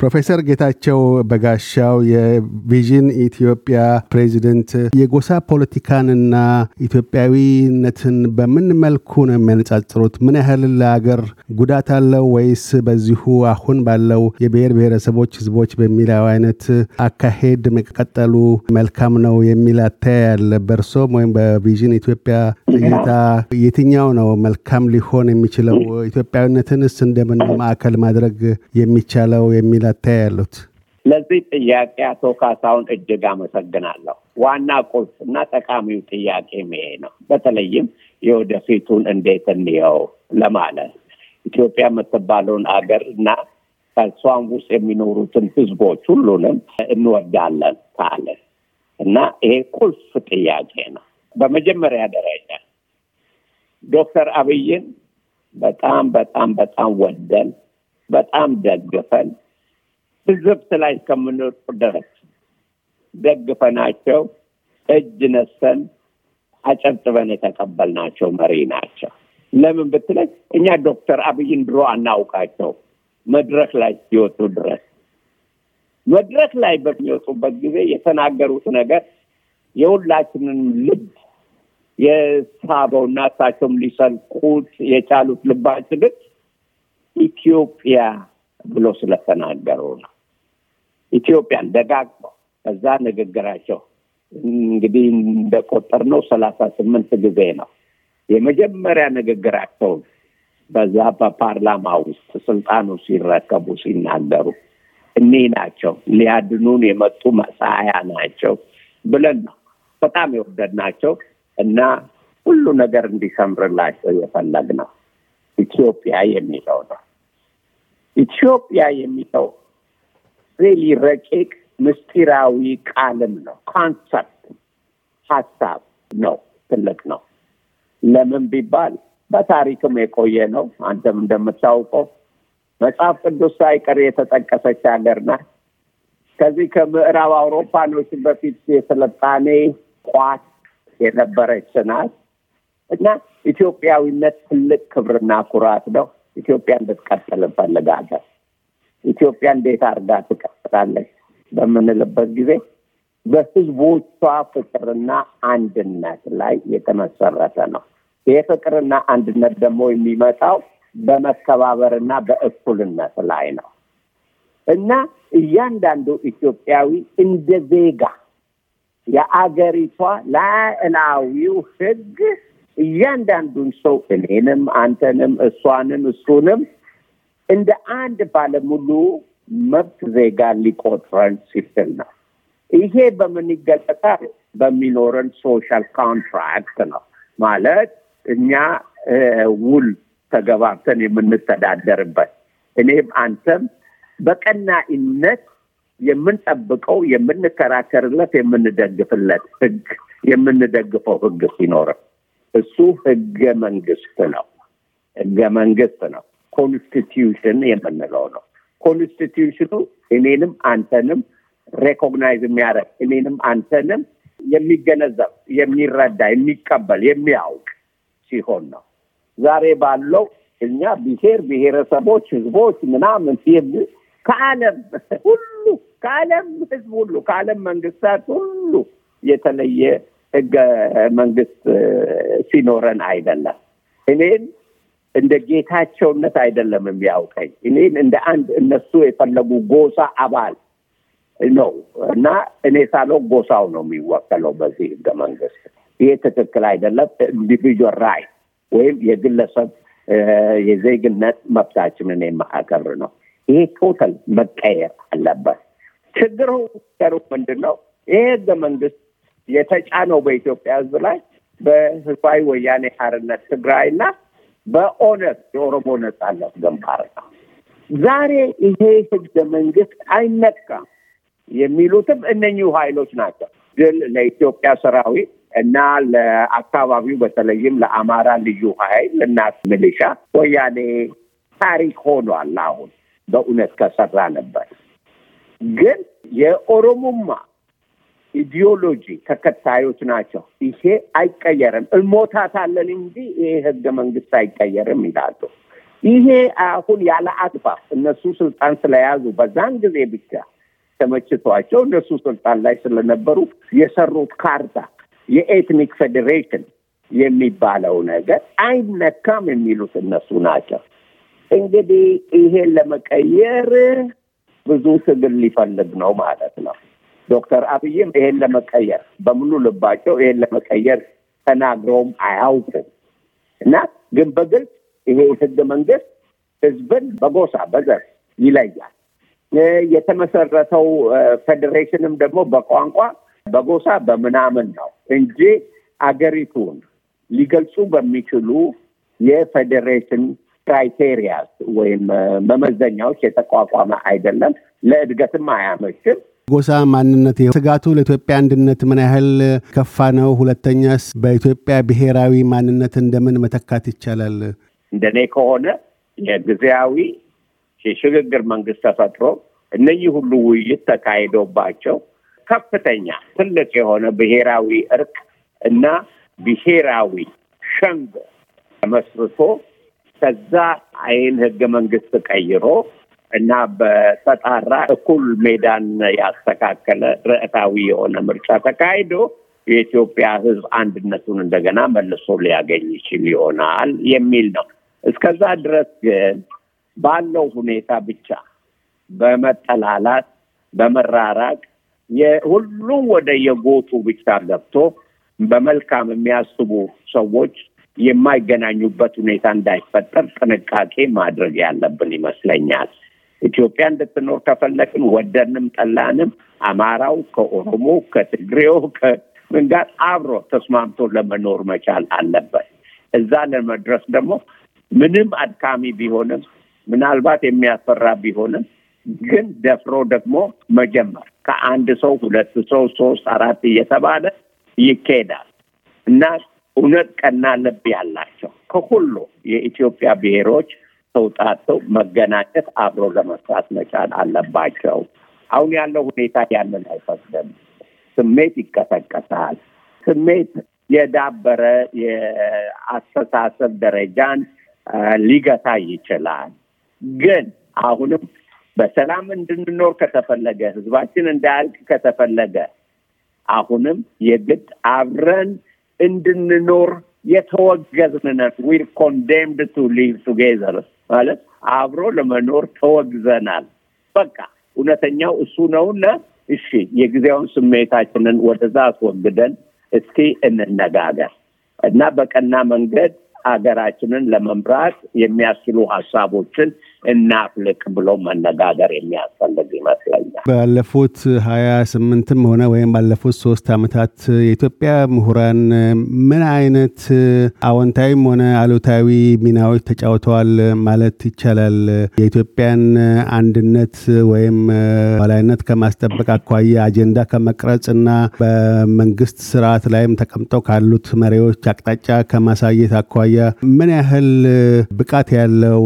ፕሮፌሰር ጌታቸው በጋሻው የቪዥን ኢትዮጵያ ፕሬዚደንት፣ የጎሳ ፖለቲካንና ኢትዮጵያዊነትን በምን መልኩ ነው የሚያነጻጽሩት? ምን ያህል ለሀገር ጉዳት አለው ወይስ በዚሁ አሁን ባለው የብሔር ብሔረሰቦች ህዝቦች በሚለው አይነት አካሄድ መቀጠሉ መልካም ነው የሚል አተያይ አለ። በእርሶም ወይም በቪዥን ኢትዮጵያ እይታ የትኛው ነው መልካም ሊሆን የሚችለው? ኢትዮጵያዊነትንስ እንደምን ማዕከል ማድረግ የሚቻለው የሚል እየተፈታ ያሉት? ለዚህ ጥያቄ አቶ ካሳሁን እጅግ አመሰግናለሁ። ዋና ቁልፍ እና ጠቃሚው ጥያቄ ይሄ ነው። በተለይም የወደፊቱን እንዴት እንየው ለማለት ኢትዮጵያ የምትባለውን አገር እና ከእሷም ውስጥ የሚኖሩትን ህዝቦች ሁሉንም እንወዳለን ካለ እና ይሄ ቁልፍ ጥያቄ ነው። በመጀመሪያ ደረጃ ዶክተር አብይን በጣም በጣም በጣም ወደን በጣም ደግፈን ትዝብት ላይ እስከምንወድቅ ድረስ ደግፈናቸው እጅ ነሰን አጨብጭበን የተቀበልናቸው መሪ ናቸው። ለምን ብትለኝ እኛ ዶክተር አብይን ድሮ አናውቃቸው መድረክ ላይ ሲወጡ ድረስ መድረክ ላይ በሚወጡበት ጊዜ የተናገሩት ነገር የሁላችንን ልብ የሳበው እና እሳቸውም ሊሰልቁት የቻሉት ልባችንን ኢትዮጵያ ብሎ ስለተናገሩ ነው። ኢትዮጵያን ደጋግመው ከዛ ንግግራቸው እንግዲህ እንደቆጠር ነው ሰላሳ ስምንት ጊዜ ነው የመጀመሪያ ንግግራቸውን በዛ በፓርላማ ውስጥ ስልጣኑ ሲረከቡ ሲናገሩ እኔ ናቸው ሊያድኑን የመጡ መሳያ ናቸው ብለን ነው በጣም የወደድናቸው እና ሁሉ ነገር እንዲሰምርላቸው የፈለግ ነው ኢትዮጵያ የሚለው ነው ኢትዮጵያ የሚለው ሪሊ ረቂቅ ምስጢራዊ ቃልም ነው። ኮንሰፕት ሀሳብ ነው። ትልቅ ነው። ለምን ቢባል በታሪክም የቆየ ነው። አንተም እንደምታውቀው መጽሐፍ ቅዱስ ሳይቀር የተጠቀሰች ሀገር ናት። ከዚህ ከምዕራብ አውሮፓኖች በፊት የስልጣኔ ቋት የነበረች ናት እና ኢትዮጵያዊነት ትልቅ ክብርና ኩራት ነው። ኢትዮጵያ እንድትቀጥል እንፈልጋለን። ኢትዮጵያ እንዴት አርጋ ትቀጥላለች በምንልበት ጊዜ በህዝቦቿ ፍቅርና አንድነት ላይ የተመሰረተ ነው። ይህ ፍቅርና አንድነት ደግሞ የሚመጣው በመከባበርና በእኩልነት ላይ ነው እና እያንዳንዱ ኢትዮጵያዊ እንደ ዜጋ የአገሪቷ ላዕላዊው ህግ እያንዳንዱን ሰው እኔንም፣ አንተንም፣ እሷንም፣ እሱንም እንደ አንድ ባለሙሉ መብት ዜጋ ሊቆጥረን ሲችል ነው። ይሄ በምን በሚኖረን ሶሻል ኮንትራክት ነው። ማለት እኛ ውል ተገባብተን የምንተዳደርበት እኔም አንተም በቀናኢነት የምንጠብቀው የምንከራከርለት፣ የምንደግፍለት ህግ የምንደግፈው ህግ ሲኖርም እሱ ህገ መንግስት ነው። ህገ መንግስት ነው። ኮንስቲትዩሽን የምንለው ነው። ኮንስቲትዩሽኑ እኔንም አንተንም ሬኮግናይዝ የሚያደርግ እኔንም አንተንም የሚገነዘብ የሚረዳ፣ የሚቀበል፣ የሚያውቅ ሲሆን ነው። ዛሬ ባለው እኛ ብሔር ብሔረሰቦች፣ ህዝቦች ምናምን ሲል ከዓለም ሁሉ ከዓለም ህዝብ ሁሉ ከዓለም መንግስታት ሁሉ የተለየ ህገ መንግስት ሲኖረን አይደለም። እኔን እንደ ጌታቸውነት አይደለም የሚያውቀኝ እኔን እንደ አንድ እነሱ የፈለጉ ጎሳ አባል ነው እና እኔ ሳለው ጎሳው ነው የሚወከለው በዚህ ህገ መንግስት። ይሄ ትክክል አይደለም። ኢንዲቪጁዋል ራይ ወይም የግለሰብ የዜግነት መብታችንን የማያከብር ነው። ይሄ ቶታል መቀየር አለበት። ችግሩ ሩ ምንድን ነው? ይሄ ህገ መንግስት የተጫነው በኢትዮጵያ ህዝብ ላይ በህዝባዊ ወያኔ ሓርነት ትግራይና በእውነት የኦሮሞ ነጻነት ግንባር ነው። ዛሬ ይሄ ህገ መንግስት አይነቃም የሚሉትም እነኚሁ ኃይሎች ናቸው። ድል ለኢትዮጵያ ሰራዊት እና ለአካባቢው በተለይም ለአማራ ልዩ ኃይል እና ሚሊሻ ወያኔ ታሪክ ሆኗል። አሁን በእውነት ከሰራ ነበር ግን የኦሮሞማ ኢዲዮሎጂ ተከታዮች ናቸው። ይሄ አይቀየርም፣ እንሞታታለን እንጂ ይሄ ህገ መንግስት አይቀየርም ይላሉ። ይሄ አሁን ያለ አግባብ እነሱ ስልጣን ስለያዙ በዛን ጊዜ ብቻ ተመችቷቸው እነሱ ስልጣን ላይ ስለነበሩ የሰሩት ካርታ የኤትኒክ ፌዴሬሽን የሚባለው ነገር አይነካም የሚሉት እነሱ ናቸው። እንግዲህ ይሄን ለመቀየር ብዙ ትግል ሊፈልግ ነው ማለት ነው። ዶክተር አብይም ይሄን ለመቀየር በሙሉ ልባቸው ይሄን ለመቀየር ተናግረውም አያውቁም እና ግን በግልጽ ይሄ ህገ መንግስት ህዝብን በጎሳ በዘር ይለያል። የተመሰረተው ፌዴሬሽንም ደግሞ በቋንቋ በጎሳ በምናምን ነው እንጂ አገሪቱን ሊገልጹ በሚችሉ የፌዴሬሽን ክራይቴሪያ ወይም መመዘኛዎች የተቋቋመ አይደለም። ለእድገትም አያመችም። ጎሳ ማንነት ስጋቱ ለኢትዮጵያ አንድነት ምን ያህል ከፋ ነው? ሁለተኛስ በኢትዮጵያ ብሔራዊ ማንነት እንደምን መተካት ይቻላል? እንደኔ ከሆነ የጊዜያዊ የሽግግር መንግስት ተፈጥሮ እነኚህ ሁሉ ውይይት ተካሂዶባቸው ከፍተኛ ትልቅ የሆነ ብሔራዊ እርቅ እና ብሔራዊ ሸንጎ ተመስርቶ ከዛ አይን ህገ መንግስት ቀይሮ እና በተጣራ እኩል ሜዳን ያስተካከለ ርዕታዊ የሆነ ምርጫ ተካሂዶ የኢትዮጵያ ሕዝብ አንድነቱን እንደገና መልሶ ሊያገኝ ይችል ይሆናል የሚል ነው። እስከዛ ድረስ ግን ባለው ሁኔታ ብቻ በመጠላላት በመራራቅ ሁሉም ወደ የጎጡ ብቻ ገብቶ በመልካም የሚያስቡ ሰዎች የማይገናኙበት ሁኔታ እንዳይፈጠር ጥንቃቄ ማድረግ ያለብን ይመስለኛል። ኢትዮጵያ እንድትኖር ከፈለግን ወደንም ጠላንም አማራው ከኦሮሞ ከትግሬው ከምን ጋር አብሮ ተስማምቶ ለመኖር መቻል አለበት። እዛ ለመድረስ ደግሞ ምንም አድካሚ ቢሆንም ምናልባት የሚያስፈራ ቢሆንም ግን ደፍሮ ደግሞ መጀመር ከአንድ ሰው ሁለት ሰው ሶስት አራት እየተባለ ይካሄዳል እና እውነት ቀና ልብ ያላቸው ከሁሉ የኢትዮጵያ ብሔሮች ተውጣተው መገናኘት፣ አብሮ ለመስራት መቻል አለባቸው። አሁን ያለው ሁኔታ ያንን አይፈቅድም። ስሜት ይቀሰቀሳል። ስሜት የዳበረ የአስተሳሰብ ደረጃን ሊገታ ይችላል። ግን አሁንም በሰላም እንድንኖር ከተፈለገ፣ ህዝባችን እንዳያልቅ ከተፈለገ አሁንም የግድ አብረን እንድንኖር የተወገዝን ዊር ኮንዴምድ ቱ ሊቭ ቱጌዘር ማለት አብሮ ለመኖር ተወግዘናል። በቃ እውነተኛው እሱ ነውና፣ እሺ የጊዜውን ስሜታችንን ወደዛ አስወግደን እስኪ እንነጋገር እና በቀና መንገድ አገራችንን ለመምራት የሚያስችሉ ሀሳቦችን እናፍልቅ ብሎ መነጋገር የሚያስፈልግ ይመስለኛል። ባለፉት ሀያ ስምንትም ሆነ ወይም ባለፉት ሶስት አመታት የኢትዮጵያ ምሁራን ምን አይነት አዎንታዊም ሆነ አሉታዊ ሚናዎች ተጫውተዋል ማለት ይቻላል? የኢትዮጵያን አንድነት ወይም ኋላይነት ከማስጠበቅ አኳያ አጀንዳ ከመቅረጽ እና በመንግስት ስርዓት ላይም ተቀምጠው ካሉት መሪዎች አቅጣጫ ከማሳየት አኳያ ምን ያህል ብቃት ያለው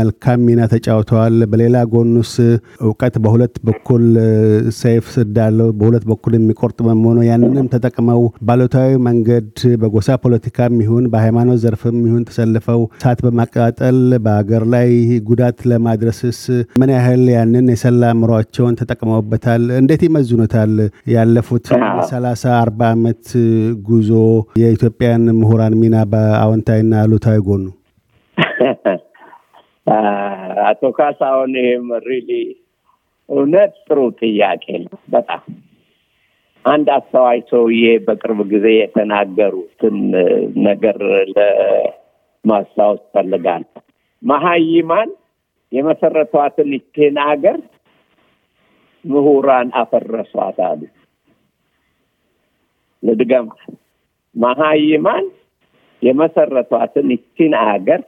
መልካም ሚና ሚና ተጫውተዋል። በሌላ ጎኑስ እውቀት በሁለት በኩል ሰይፍ ስዳለው በሁለት በኩል የሚቆርጥ በመሆኑ ያንንም ተጠቅመው ባሉታዊ መንገድ በጎሳ ፖለቲካም ይሁን በሃይማኖት ዘርፍም ይሁን ተሰልፈው እሳት በማቀጣጠል በሀገር ላይ ጉዳት ለማድረስስ ምን ያህል ያንን የሰላ አእምሯቸውን ተጠቅመውበታል? እንዴት ይመዝኑታል? ያለፉት ሰላሳ አርባ ዓመት ጉዞ የኢትዮጵያን ምሁራን ሚና በአዎንታዊና አሉታዊ ጎኑ አቶ ካሳሁን ይህም ሪሊ እውነት ጥሩ ጥያቄ ነው። በጣም አንድ አስተዋይ ሰውዬ በቅርብ ጊዜ የተናገሩትን ነገር ለማስታወስ ፈልጋለሁ። መሀይማን የመሰረቷትን ይችን ሀገር ምሁራን አፈረሷት አሉ። ልድገማ፣ መሀይማን የመሰረቷትን ይችን ሀገር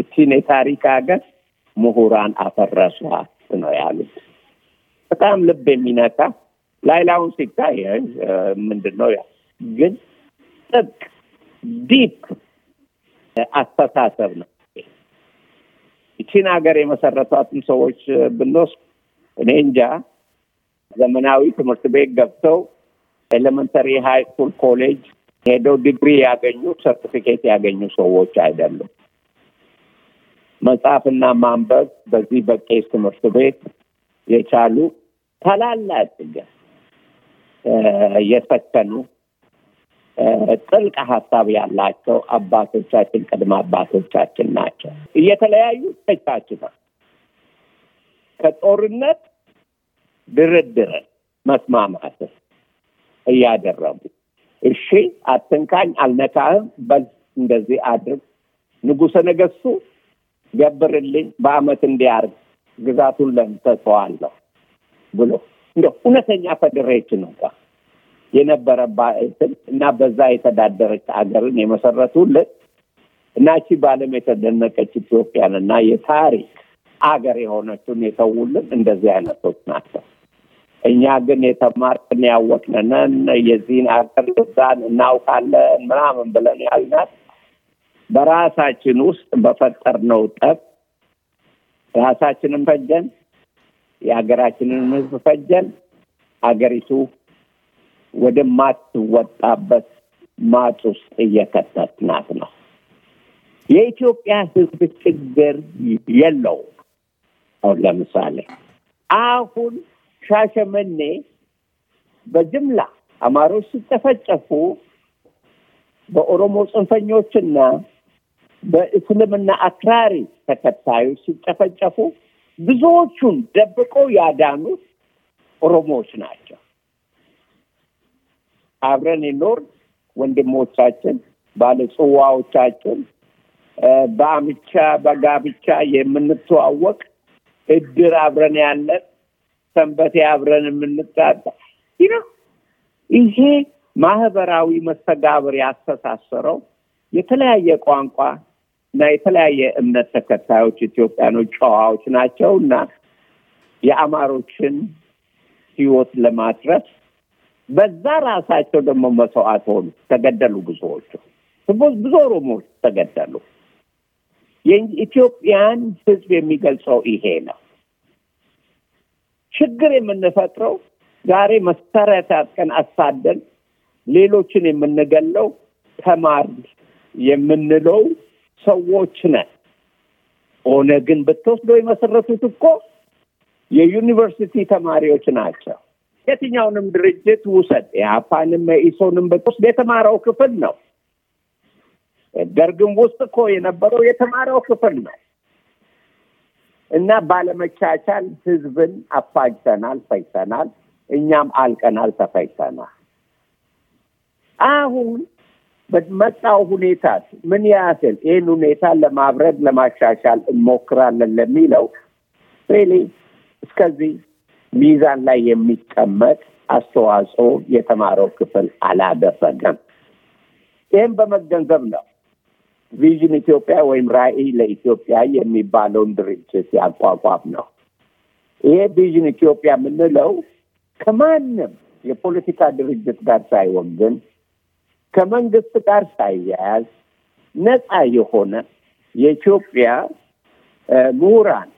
እቺን የታሪክ ሀገር ምሁራን አፈረሷት ነው ያሉት። በጣም ልብ የሚነካ ላይላውን ሲታይ ምንድን ነው ግን ጥብቅ ዲፕ አስተሳሰብ ነው። እቺን ሀገር የመሰረቷትም ሰዎች ብንወስድ እኔ እንጃ ዘመናዊ ትምህርት ቤት ገብተው ኤሌመንተሪ ሃይ ስኩል፣ ኮሌጅ ሄደው ዲግሪ ያገኙ ሰርቲፊኬት ያገኙ ሰዎች አይደሉም። መጽሐፍና ማንበብ በዚህ በቄስ ትምህርት ቤት የቻሉ ታላላቅ የፈተኑ ጥልቅ ሀሳብ ያላቸው አባቶቻችን ቅድመ አባቶቻችን ናቸው። እየተለያዩ ተቻችሏል። ከጦርነት ድርድር መስማማት እያደረጉ እሺ አትንካኝ፣ አልነካህም፣ በል እንደዚህ አድርግ ንጉሰ ነገሥቱ ገብርልኝ በአመት እንዲያርግ ግዛቱን ለምተሰዋለሁ ብሎ እንደ እውነተኛ ፌዴሬሽን እንኳ የነበረባትን እና በዛ የተዳደረች አገርን የመሰረቱልን እና ቺ በዓለም የተደነቀች ኢትዮጵያን እና የታሪክ አገር የሆነችን የተውልን እንደዚህ አይነቶች ናቸው። እኛ ግን የተማርን ያወቅነን የዚህን አገር ልዛን እናውቃለን ምናምን ብለን ያልናት በራሳችን ውስጥ በፈጠርነው ጠብ ራሳችንን ፈጀን፣ የሀገራችንን ህዝብ ፈጀን። ሀገሪቱ ወደማትወጣበት ማጥ ውስጥ እየከተትናት ነው። የኢትዮጵያ ህዝብ ችግር የለው። አሁን ለምሳሌ አሁን ሻሸመኔ በጅምላ አማሮች ሲጨፈጨፉ በኦሮሞ ጽንፈኞችና በእስልምና አክራሪ ተከታዮች ሲጨፈጨፉ ብዙዎቹን ደብቀው ያዳኑት ኦሮሞዎች ናቸው። አብረን የኖር ወንድሞቻችን ባለጽዋዎቻችን በአምቻ በጋብቻ የምንተዋወቅ እድር አብረን ያለን ሰንበቴ አብረን የምንጣጣ ይሄ ማህበራዊ መስተጋብር ያስተሳሰረው የተለያየ ቋንቋ እና የተለያየ እምነት ተከታዮች ኢትዮጵያኖች ጨዋዎች ናቸው እና የአማሮችን ህይወት ለማትረፍ በዛ ራሳቸው ደግሞ መስዋዕት ሆኑ፣ ተገደሉ። ብዙዎቹ ብዙ ኦሮሞዎች ተገደሉ። የኢትዮጵያን ህዝብ የሚገልጸው ይሄ ነው። ችግር የምንፈጥረው ዛሬ መሰረት አጥቀን አሳደን ሌሎችን የምንገለው ተማር የምንለው ሰዎች ነን። ኦነግን ብትወስዶ የመሰረቱት እኮ የዩኒቨርሲቲ ተማሪዎች ናቸው። የትኛውንም ድርጅት ውሰድ፣ የአፓንም የኢሶንም ብትወስድ የተማረው ክፍል ነው። ደርግም ውስጥ እኮ የነበረው የተማረው ክፍል ነው። እና ባለመቻቻል ህዝብን አፋጅተናል፣ ፈጅተናል። እኛም አልቀናል፣ ተፈጅተናል። አሁን በመጣው ሁኔታ ምን ያህል ይህን ሁኔታ ለማብረድ ለማሻሻል እንሞክራለን ለሚለው ሬሊ እስከዚህ ሚዛን ላይ የሚቀመጥ አስተዋጽኦ የተማረው ክፍል አላደረገም። ይህም በመገንዘብ ነው ቪዥን ኢትዮጵያ ወይም ራዕይ ለኢትዮጵያ የሚባለውን ድርጅት ያቋቋም ነው። ይሄ ቪዥን ኢትዮጵያ የምንለው ከማንም የፖለቲካ ድርጅት ጋር ሳይሆን ግን ከመንግስት ጋር ሳያያዝ ነፃ የሆነ የኢትዮጵያ ምሁራን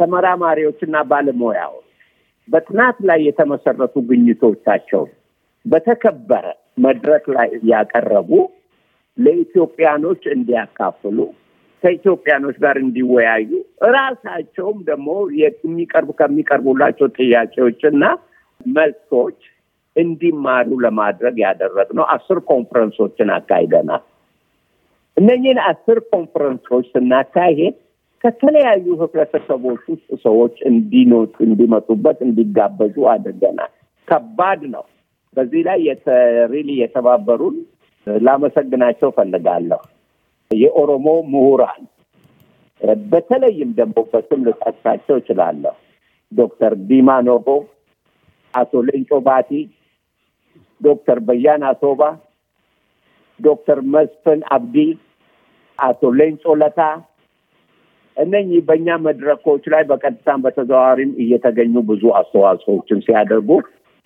ተመራማሪዎችና ባለሙያዎች በጥናት ላይ የተመሰረቱ ግኝቶቻቸውን በተከበረ መድረክ ላይ ያቀረቡ ለኢትዮጵያኖች እንዲያካፍሉ ከኢትዮጵያኖች ጋር እንዲወያዩ ራሳቸውም ደግሞ የሚቀርቡ ከሚቀርቡላቸው እና መልሶች እንዲማሩ ለማድረግ ያደረግነው አስር ኮንፈረንሶችን አካሂደናል። እነኚህን አስር ኮንፈረንሶች ስናካሄድ ከተለያዩ ህብረተሰቦች ውስጥ ሰዎች እንዲኖት እንዲመጡበት እንዲጋበዙ አድርገናል። ከባድ ነው። በዚህ ላይ ሪሊ የተባበሩን ላመሰግናቸው ፈልጋለሁ። የኦሮሞ ምሁራን በተለይም ደግሞ በስም ልጠቅሳቸው እችላለሁ። ዶክተር ዲማ ኖቦ፣ አቶ ሌንጮ ባቲ፣ ዶክተር በያን አቶባ ዶክተር መስፍን አብዲ፣ አቶ ሌንጾ ለታ እነኚህ በእኛ መድረኮች ላይ በቀጥታም በተዘዋዋሪም እየተገኙ ብዙ አስተዋጽዎችን ሲያደርጉ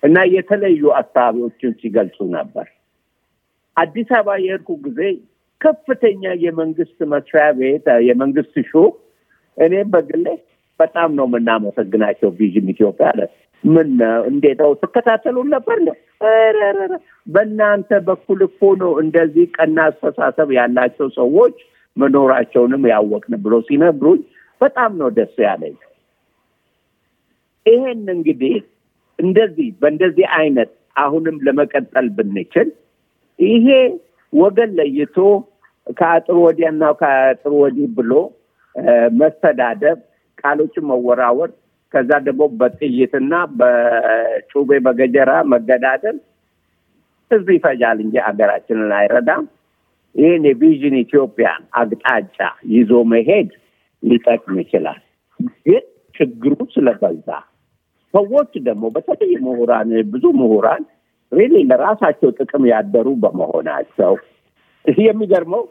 እና የተለዩ አካባቢዎችን ሲገልጹ ነበር። አዲስ አበባ የሄድኩ ጊዜ ከፍተኛ የመንግስት መስሪያ ቤት የመንግስት ሹ እኔ በግሌ በጣም ነው የምናመሰግናቸው። ቪዥን ኢትዮጵያ አለ ምን እንዴት ነው ትከታተሉን ነበር ነው በእናንተ በኩል እኮ ነው እንደዚህ ቀና አስተሳሰብ ያላቸው ሰዎች መኖራቸውንም ያወቅን ብሎ ሲነግሩኝ በጣም ነው ደስ ያለኝ። ይሄን እንግዲህ እንደዚህ በእንደዚህ አይነት አሁንም ለመቀጠል ብንችል ይሄ ወገን ለይቶ ከአጥር ወዲያና ከአጥር ወዲህ ብሎ መሰዳደብ፣ ቃሎችን መወራወር ከዛ ደግሞ በጥይትና በጩቤ በገጀራ መገዳደል ህዝብ ይፈጃል እንጂ ሀገራችንን አይረዳም። ይህን የቪዥን ኢትዮጵያን አቅጣጫ ይዞ መሄድ ሊጠቅም ይችላል። ግን ችግሩ ስለበዛ ሰዎች ደግሞ በተለይ ምሁራን፣ ብዙ ምሁራን ሪሊ ለራሳቸው ጥቅም ያደሩ በመሆናቸው የሚገርመው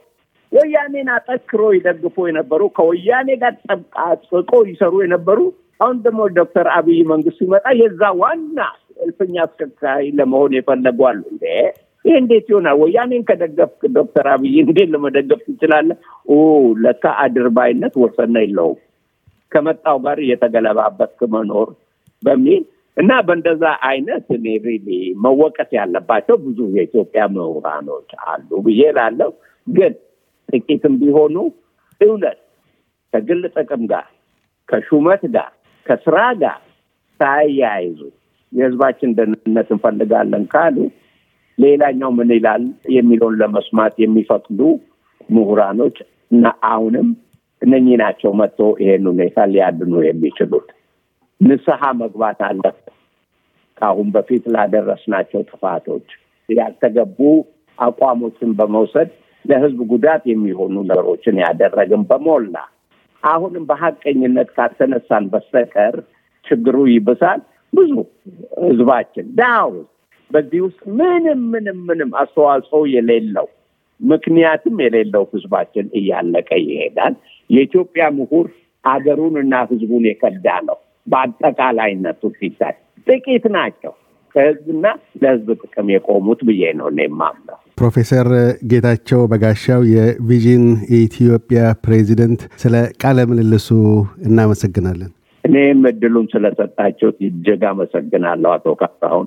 ወያኔን አጠክሮ ይደግፎ የነበሩ ከወያኔ ጋር ጠብቃ ጽቆ ይሰሩ የነበሩ አሁን ደግሞ ዶክተር አብይ መንግስቱ ሲመጣ የዛ ዋና እልፍኛ አስከካይ ለመሆን የፈለጓሉ እንደ ይህ እንዴት ይሆናል? ወያኔን ከደገፍክ ዶክተር አብይ እንዴት ለመደገፍ ትችላለህ? ለካ አድርባይነት ወሰነ የለውም ከመጣው ጋር እየተገለባበት መኖር በሚል እና በእንደዛ አይነት እኔ ሪሊ መወቀት ያለባቸው ብዙ የኢትዮጵያ ምሁራኖች አሉ ብዬ ላለው ግን ጥቂትም ቢሆኑ እውነት ከግል ጥቅም ጋር ከሹመት ጋር ከስራ ጋር ሳያይዙ የህዝባችን ደህንነት እንፈልጋለን ካሉ ሌላኛው ምን ይላል የሚለውን ለመስማት የሚፈቅዱ ምሁራኖች እና አሁንም እነኚህ ናቸው መጥቶ ይሄን ሁኔታ ሊያድኑ የሚችሉት። ንስሐ መግባት አለብን። ከአሁን በፊት ላደረስናቸው ጥፋቶች ያልተገቡ አቋሞችን በመውሰድ ለህዝብ ጉዳት የሚሆኑ ነገሮችን ያደረግን በሞላ አሁንም በሀቀኝነት ካልተነሳን በስተቀር ችግሩ ይብሳል። ብዙ ህዝባችን ዳው በዚህ ውስጥ ምንም ምንም ምንም አስተዋጽኦ የሌለው ምክንያትም የሌለው ህዝባችን እያለቀ ይሄዳል። የኢትዮጵያ ምሁር አገሩን እና ህዝቡን የከዳ ነው። በአጠቃላይነቱ ሲታይ ጥቂት ናቸው ከህዝብና ለህዝብ ጥቅም የቆሙት ብዬ ነው የማምነው። ፕሮፌሰር ጌታቸው በጋሻው የቪዥን ኢትዮጵያ ፕሬዚደንት፣ ስለ ቃለ ምልልሱ እናመሰግናለን። እኔም እድሉን ስለሰጣቸው እጅግ አመሰግናለሁ አቶ ካሳሁን።